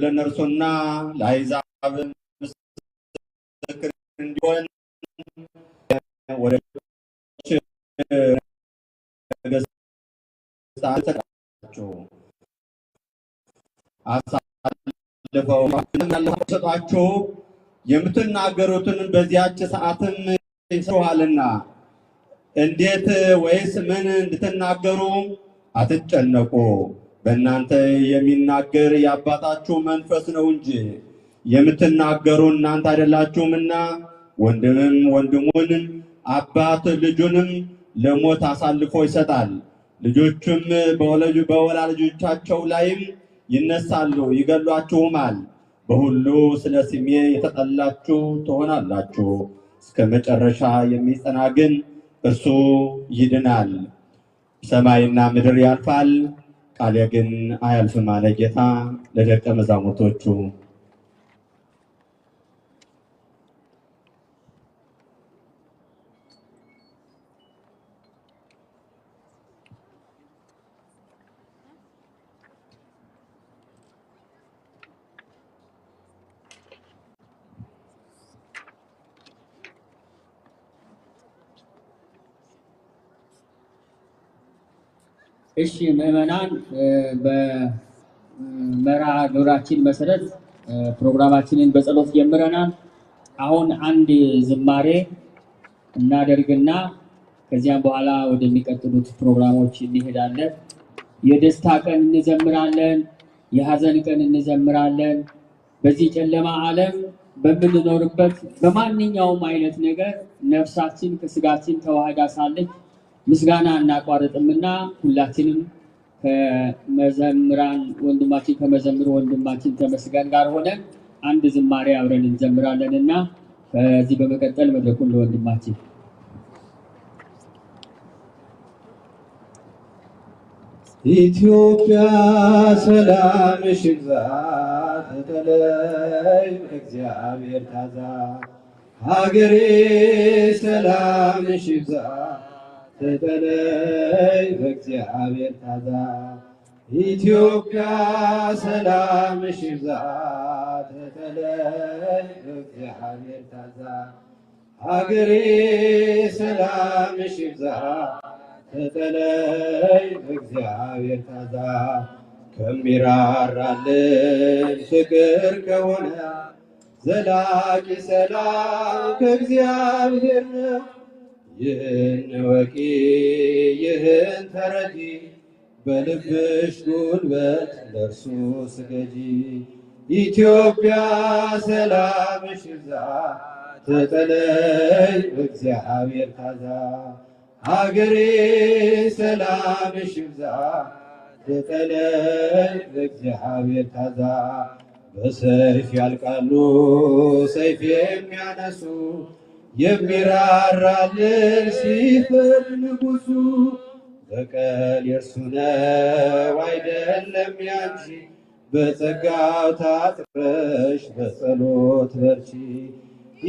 ለእነርሱና ለአሕዛብ ምስክር እንዲሆን ወደ አሳልፈው የምትናገሩትን በዚያች ሰዓትም ይሰሩሃልና እንዴት ወይስ ምን እንድትናገሩ አትጨነቁ። በእናንተ የሚናገር የአባታችሁ መንፈስ ነው እንጂ የምትናገሩ እናንተ አይደላችሁምና። ወንድምም ወንድሙን አባት ልጁንም ለሞት አሳልፎ ይሰጣል። በወላ በወላጆቻቸው ላይም ይነሳሉ፣ ይገሏችሁማል። በሁሉ ስለ ስሜ የተጠላችሁ ትሆናላችሁ። እስከ መጨረሻ የሚጸና ግን እርሱ ይድናል። ሰማይና ምድር ያልፋል ቃሌ ግን አያልፍም አለ ጌታ ለደቀ መዛሙርቶቹ። እሺ ምዕመናን፣ በመርሃ ግብራችን መሰረት ፕሮግራማችንን በጸሎት ጀምረናል። አሁን አንድ ዝማሬ እናደርግና ከዚያም በኋላ ወደሚቀጥሉት ፕሮግራሞች እንሄዳለን። የደስታ ቀን እንዘምራለን፣ የሀዘን ቀን እንዘምራለን። በዚህ ጨለማ ዓለም በምንኖርበት በማንኛውም አይነት ነገር ነፍሳችን ከስጋችን ተዋህዳ ሳለች ምስጋና እናቋረጥምና ሁላችንም ከመዘምራን ወንድማችን ከመዘምር ወንድማችን ተመስገን ጋር ሆነ አንድ ዝማሬ አብረን እንዘምራለን እና ከዚህ በመቀጠል መድረኩን ለወንድማችን ኢትዮጵያ ሰላም ይብዛ ተተለይ እግዚአብሔር ታዛ ሀገሬ ሰላም ይብዛ ፍጠነኝ በእግዚአብሔር ታዛ ኢትዮጵያ ሰላም ይብዛ። ፍጠነኝ በእግዚአብሔር ታዛ ሀገሬ ሰላም ይብዛ። ፍጠነኝ በእግዚአብሔር ታዛ ከሚራራልን ፍቅር ከሆነ ዘላቂ ሰላም ከእግዚአብሔር ነው። ይህን ወቂ ይህን ተረጂ በልብሽ ጉልበት ለእርሱ ስገጂ። ኢትዮጵያ ሰላምሽ ይብዛ ተጠለይ እግዚአብሔር ታዛ ሀገሬ ሰላምሽ ይብዛ ተጠለይ እግዚአብሔር ታዛ በሰይፍ ያልቃሉ ሰይፍ የሚያነሱ የሚራራልን ሲፍር ንጉሱ በቀል የእርሱ ነው አይደለም ያንቺ። በጸጋው ታጥበሽ በጸሎት በርቺ።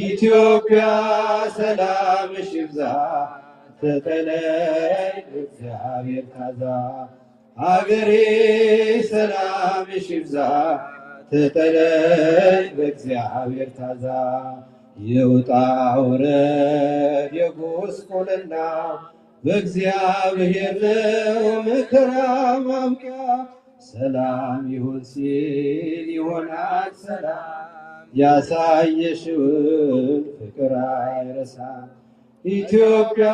ኢትዮጵያ ሰላምሽ ይብዛ፣ ተጠለይ እግዚአብሔር ታዛ። አገሬ ሰላምሽ ይብዛ፣ ተጠለይ በእግዚአብሔር ታዛ። የውጣ ውረድ የጉስቁልና በእግዚአብሔር ነው መከራ ማምቂያ። ሰላም ይሁን ሲል ይሆናል ሰላም ያሳየሽውን ፍቅር አይረሳም። ኢትዮጵያ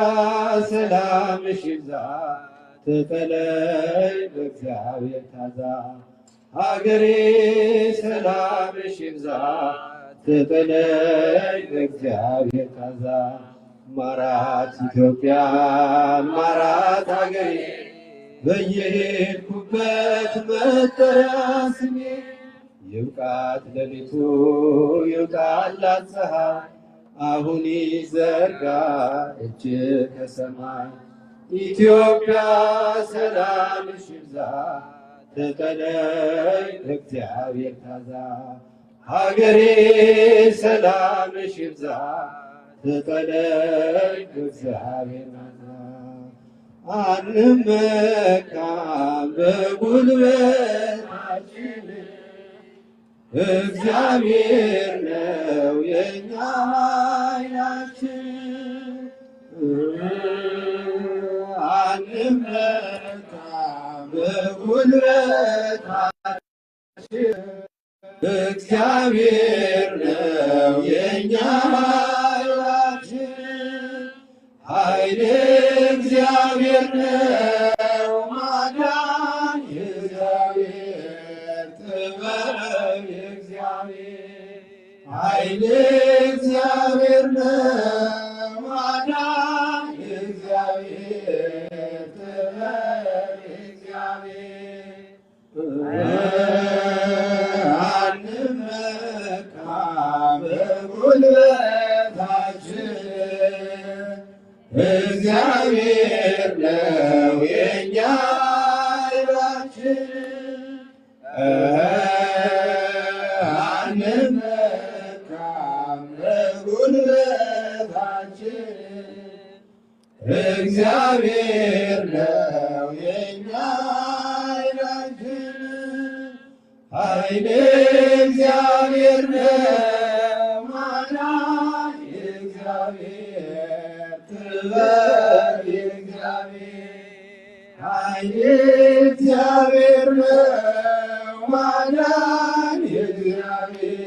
ሰላም ሽብዛ ተጠለይ በእግዚአብሔር ታዛ ሀገሬ ሰላምሽ ይብዛ ስጥልኝ እግዚአብሔር ካዛ ማራት ኢትዮጵያ ማራት አገሬ በየሄድኩበት መጠሪያ ስሜ ይብቃት ሌሊቱ ይብቃት ላጸሃ አሁን ይዘርጋ እጅ ከሰማይ ኢትዮጵያ ሰላምሽ ይብዛ ተጠለይ እግዚአብሔር ታዛ ሀገሬ ሰላምሽ ይብዛ ተጠለቅ በእግዚአብሔር አንመካም በጉልበታችን እግዚአብሔር ነው የኛ ኃይላችን። አንመካም በጉልበታችን እግዚአብሔር ነው የእኛ ኃይላችን፣ ኃይል እግዚአብሔር ነው ማዳን ጥበብ ኃይል እግዚአብሔር ነው ማዳን ነው የኛ አንመካም እግዚአብሔር ነው የኛ ኃይል እግዚአብሔር ነው ማዳን እግዚአብሔር ኃይሌ እግዚአብሔር ነው ማዳን የእግዚአብሔር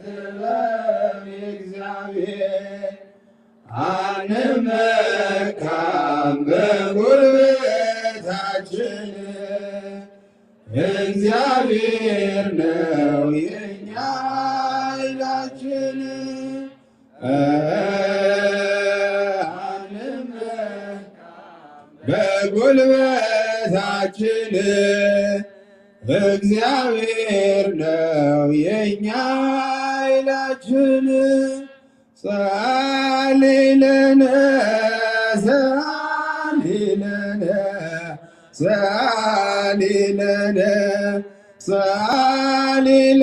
ጥበብ የእግዚአብሔር አንመካም በጉልበታችን እግዚአብሔር ነው የእኛ ኃይላችን ጉልበታችን እግዚአብሔር ነው የኛ ኃይላችን። ጸልይ ለነ ጸልይ ለነ ጸልይ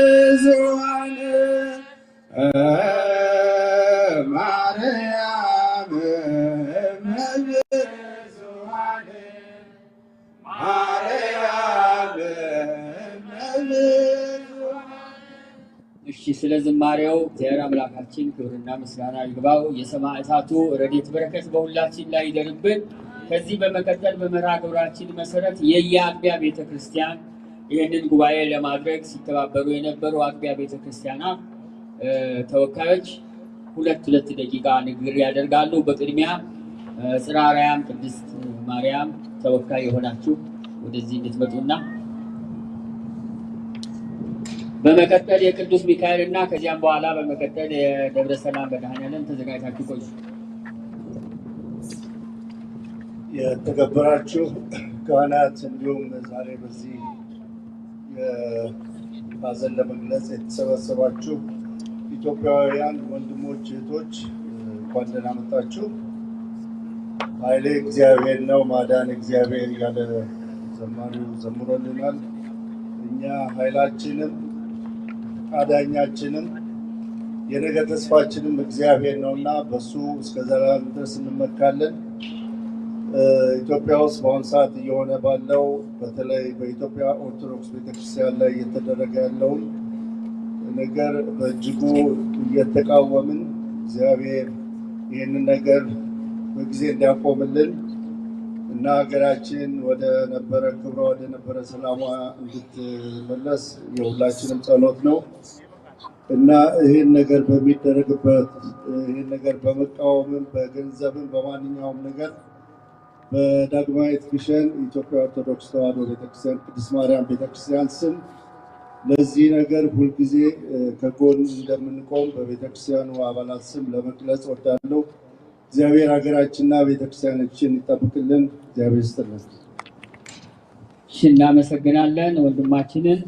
ስለ ዝማሬው እግዚአብሔር አምላካችን ክብርና ምስጋና ይግባው። የሰማዕታቱ ረድኤት በረከት በሁላችን ላይ ይደርብን። ከዚህ በመቀጠል በመርሃ ግብራችን መሰረት የየአጥቢያ ቤተ ክርስቲያን ይህንን ጉባኤ ለማድረግ ሲተባበሩ የነበሩ አጥቢያ ቤተ ክርስቲያና ተወካዮች ሁለት ሁለት ደቂቃ ንግግር ያደርጋሉ። በቅድሚያ ጽራራያም ቅድስት ማርያም ተወካይ የሆናችሁ ወደዚህ እንድትመጡና በመቀጠል የቅዱስ ሚካኤል እና ከዚያም በኋላ በመቀጠል የደብረ ሰላም መድኃኔዓለም ተዘጋጅታችሁ ቆዩ። የተከበራችሁ ካህናት፣ እንዲሁም ዛሬ በዚህ ሐዘን ለመግለጽ የተሰበሰባችሁ ኢትዮጵያውያን ወንድሞች እህቶች፣ እንኳን ደህና መጣችሁ። ኃይሌ እግዚአብሔር ነው፣ ማዳን እግዚአብሔር ያለ ዘማሪው ዘምሮልናል። እኛ ኃይላችንም አዳኛችንም የነገ ተስፋችንም እግዚአብሔር ነውና በሱ እስከ ዘላለም ድረስ እንመካለን። ኢትዮጵያ ውስጥ በአሁኑ ሰዓት እየሆነ ባለው በተለይ በኢትዮጵያ ኦርቶዶክስ ቤተክርስቲያን ላይ እየተደረገ ያለውን ነገር በእጅጉ እየተቃወምን እግዚአብሔር ይህንን ነገር በጊዜ እንዲያቆምልን እና ሀገራችን ወደ ነበረ ክብሯ ወደ ነበረ ሰላሟ እንድትመለስ የሁላችንም ጸሎት ነው እና ይህን ነገር በሚደረግበት ይህን ነገር በመቃወምም በገንዘብም በማንኛውም ነገር በዳግማዊት ግሸን የኢትዮጵያ ኦርቶዶክስ ተዋሕዶ ቤተክርስቲያን ቅድስት ማርያም ቤተክርስቲያን ስም ለዚህ ነገር ሁልጊዜ ከጎን እንደምንቆም በቤተክርስቲያኑ አባላት ስም ለመግለጽ ወዳለው እግዚአብሔር ሀገራችንና ቤተክርስቲያናችን ይጠብቅልን። እግዚአብሔር ይስጥልን። እሺ፣ እናመሰግናለን ወንድማችንን።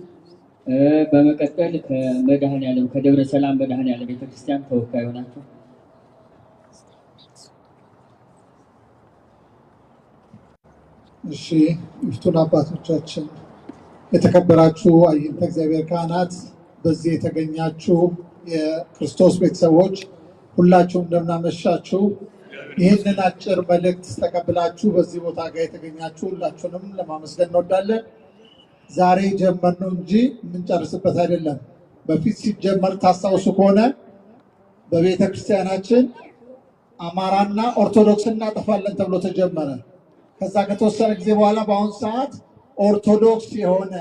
በመቀጠል ከመድኃኔዓለም ከደብረ ሰላም መድኃኔዓለም ቤተክርስቲያን ተወካይ ሆናቸው እሺ ይፍቱን አባቶቻችን፣ የተከበራችሁ አይንተ እግዚአብሔር ካህናት፣ በዚህ የተገኛችሁ የክርስቶስ ቤተሰቦች ሁላችሁም እንደምናመሻችሁ ይህንን አጭር መልእክት ተቀብላችሁ በዚህ ቦታ ጋር የተገኛችሁ ሁላችሁንም ለማመስገን እንወዳለን። ዛሬ ጀመርነው እንጂ የምንጨርስበት አይደለም። በፊት ሲጀመር ታስታውሱ ከሆነ በቤተ ክርስቲያናችን አማራና ኦርቶዶክስ እናጠፋለን ተብሎ ተጀመረ። ከዛ ከተወሰነ ጊዜ በኋላ በአሁኑ ሰዓት ኦርቶዶክስ የሆነ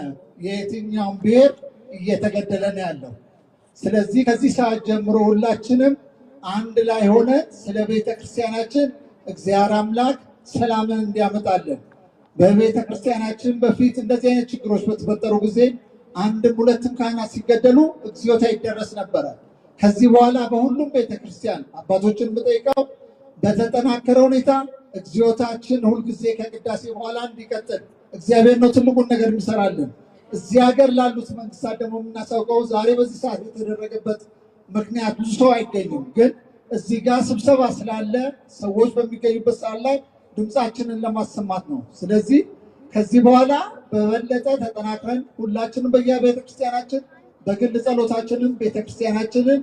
የየትኛውን ብሔር እየተገደለ ነው ያለው። ስለዚህ ከዚህ ሰዓት ጀምሮ ሁላችንም አንድ ላይ ሆነ ስለ ቤተ ክርስቲያናችን እግዚአብሔር አምላክ ሰላምን እንዲያመጣለን። በቤተ ክርስቲያናችን በፊት እንደዚህ አይነት ችግሮች በተፈጠሩ ጊዜ አንድም ሁለትም ካህናት ሲገደሉ እግዚኦታ ይደረስ ነበረ። ከዚህ በኋላ በሁሉም ቤተ ክርስቲያን አባቶችን ብጠይቀው በተጠናከረ ሁኔታ እግዚኦታችን ሁልጊዜ ከቅዳሴ በኋላ እንዲቀጥል እግዚአብሔር ነው ትልቁን ነገር የሚሰራልን። እዚህ ሀገር ላሉት መንግስታት ደግሞ የምናሳውቀው ዛሬ በዚህ ሰዓት የተደረገበት ምክንያት ብዙ ሰው አይገኝም። ግን እዚህ ጋር ስብሰባ ስላለ ሰዎች በሚገኙበት ሰዓት ላይ ድምፃችንን ለማሰማት ነው። ስለዚህ ከዚህ በኋላ በበለጠ ተጠናክረን ሁላችንም ቤተክርስቲያናችን በግል ጸሎታችንን ቤተክርስቲያናችንን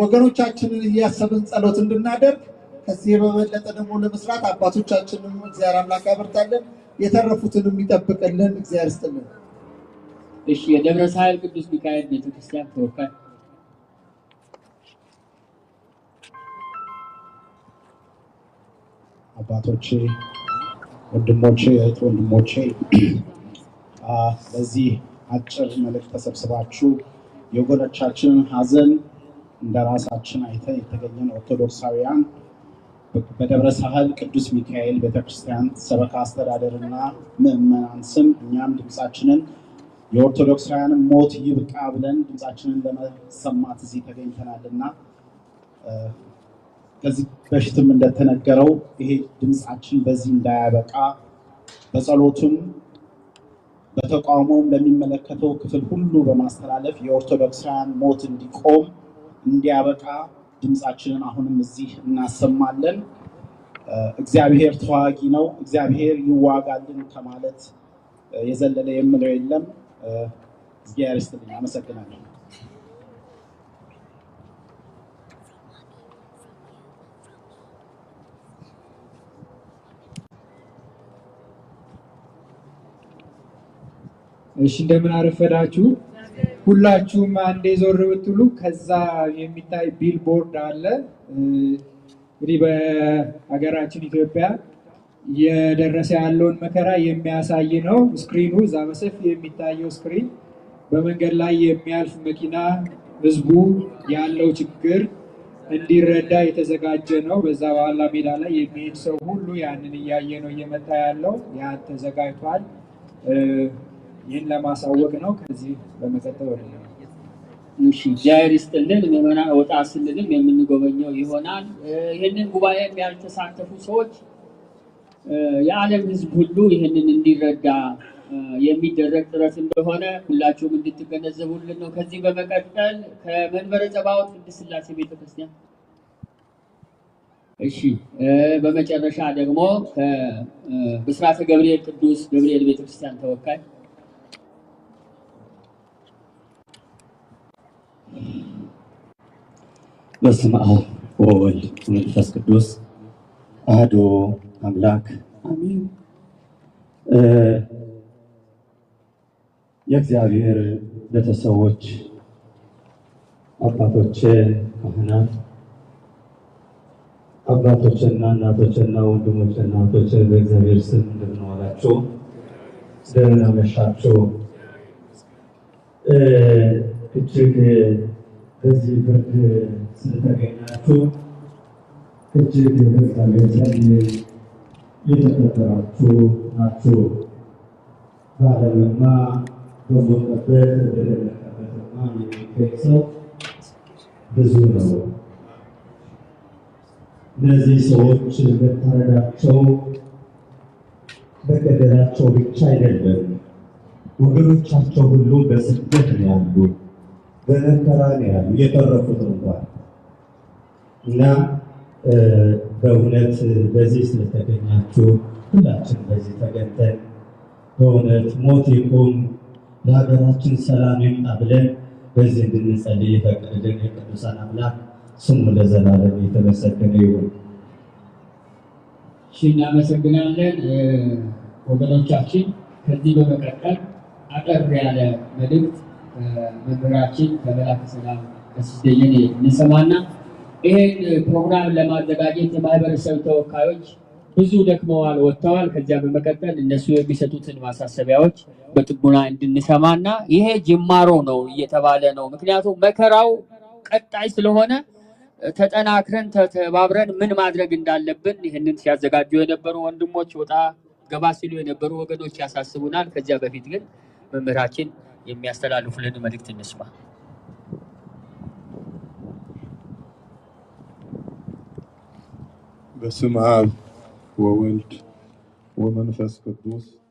ወገኖቻችንን እያሰብን ጸሎት እንድናደርግ ከዚህ በበለጠ ደግሞ ለመስራት አባቶቻችንን እግዚአብሔር አምላክ ያበርታለን፣ የተረፉትን የሚጠብቅልን እግዚአብሔር ይስጥልን። እሺ፣ የደብረ ሳህል ቅዱስ ሚካኤል ቤተክርስቲያን ተወካይ አባቶቼ፣ ወንድሞቼ፣ እህት ወንድሞቼ በዚህ አጭር መልእክት ተሰብስባችሁ የወገኖቻችንን ሀዘን እንደ ራሳችን አይተን የተገኘን ኦርቶዶክሳውያን በደብረ ሳህል ቅዱስ ሚካኤል ቤተክርስቲያን ሰበካ አስተዳደርና ምዕመናን ስም እኛም ድምፃችንን የኦርቶዶክሳውያንን ሞት ይብቃ ብለን ድምፃችንን ለመሰማት እዚህ ተገኝተናልና ከዚህ በፊትም እንደተነገረው ይሄ ድምፃችን በዚህ እንዳያበቃ በጸሎቱም በተቃውሞም ለሚመለከተው ክፍል ሁሉ በማስተላለፍ የኦርቶዶክሳውያን ሞት እንዲቆም እንዲያበቃ ድምፃችንን አሁንም እዚህ እናሰማለን። እግዚአብሔር ተዋጊ ነው፣ እግዚአብሔር ይዋጋልን ከማለት የዘለለ የምለው የለም። እግዚአብሔር ይስጥልኝ። አመሰግናለሁ። እሺ እንደምን አረፈዳችሁ ሁላችሁም አንዴ ዞር ብትሉ ከዛ የሚታይ ቢልቦርድ አለ። እንግዲህ በሀገራችን ኢትዮጵያ እየደረሰ ያለውን መከራ የሚያሳይ ነው ስክሪኑ። እዛ በሰፊ የሚታየው ስክሪን በመንገድ ላይ የሚያልፍ መኪና ህዝቡ ያለው ችግር እንዲረዳ የተዘጋጀ ነው። በዛ በኋላ ሜዳ ላይ የሚሄድ ሰው ሁሉ ያንን እያየ ነው እየመጣ ያለው ያ ተዘጋጅቷል። ይህን ለማሳወቅ ነው። ከዚህ በመቀጠል ወደ እሺ፣ እግዚአብሔር ይስጥልን። ምዕመና ወጣ ስልልም የምንጎበኘው ይሆናል። ይህንን ጉባኤም ያልተሳተፉ ሰዎች የዓለም ሕዝብ ሁሉ ይህንን እንዲረዳ የሚደረግ ጥረት እንደሆነ ሁላችሁም እንድትገነዘቡልን ነው። ከዚህ በመቀጠል ከመንበረ ጸባዖት ቅድስት ሥላሴ ቤተክርስቲያን እሺ፣ በመጨረሻ ደግሞ ከብስራተ ገብርኤል ቅዱስ ገብርኤል ቤተክርስቲያን ተወካይ በስመ አብ ወወልድ ወመንፈስ ቅዱስ አሐዱ አምላክ አሜን። የእግዚአብሔር ቤተሰቦች፣ አባቶች፣ ካህናት፣ አባቶችና እናቶችና ወንድሞችና እናቶች በእግዚአብሔር ስም እንደምን ዋላችሁ? እንደምን አመሻችሁ? እጅግ በዚህ ብርድ ስለተገኛችሁ እጅግ በእግዚአብሔር ዘንድ የተከበራችሁ ናችሁ። በዓለምማ በሞቀበት በደለቀበትማ የሚገኝ ሰው ብዙ ነው። እነዚህ ሰዎች መታረዳቸው በገደላቸው ብቻ አይደለም። ወገኖቻቸው ሁሉ በስደት ነው ያሉ፣ በመከራ ነው ያሉ የተረፉት እንኳን እና በእውነት በዚህ ስለተገኛችሁ ሁላችን በዚህ ተገኝተን በእውነት ሞት ይቁም ለሀገራችን ሰላም ይምጣ ብለን በዚህ እንድንጸልይ የፈቀደልን የቅዱሳን አምላክ ስሙ ለዘላለም የተመሰገነ ይሁን። እሺ፣ እናመሰግናለን ወገኖቻችን። ከዚህ በመቀጠል አጠር ያለ መልእክት መምህራችን ከመላከ ሰላም ከስደየኔ እንሰማና ይሄን ፕሮግራም ለማዘጋጀት የማህበረሰብ ተወካዮች ብዙ ደክመዋል፣ ወጥተዋል። ከዚያ በመቀጠል እነሱ የሚሰጡትን ማሳሰቢያዎች በጥቡና እንድንሰማና ይሄ ጅማሮ ነው እየተባለ ነው። ምክንያቱም መከራው ቀጣይ ስለሆነ ተጠናክረን ተተባብረን ምን ማድረግ እንዳለብን ይህንን ሲያዘጋጁ የነበሩ ወንድሞች ወጣ ገባ ሲሉ የነበሩ ወገኖች ያሳስቡናል። ከዚያ በፊት ግን መምህራችን የሚያስተላልፉልን መልእክት እንስማ። بسم اب وولد ومنفس قدوس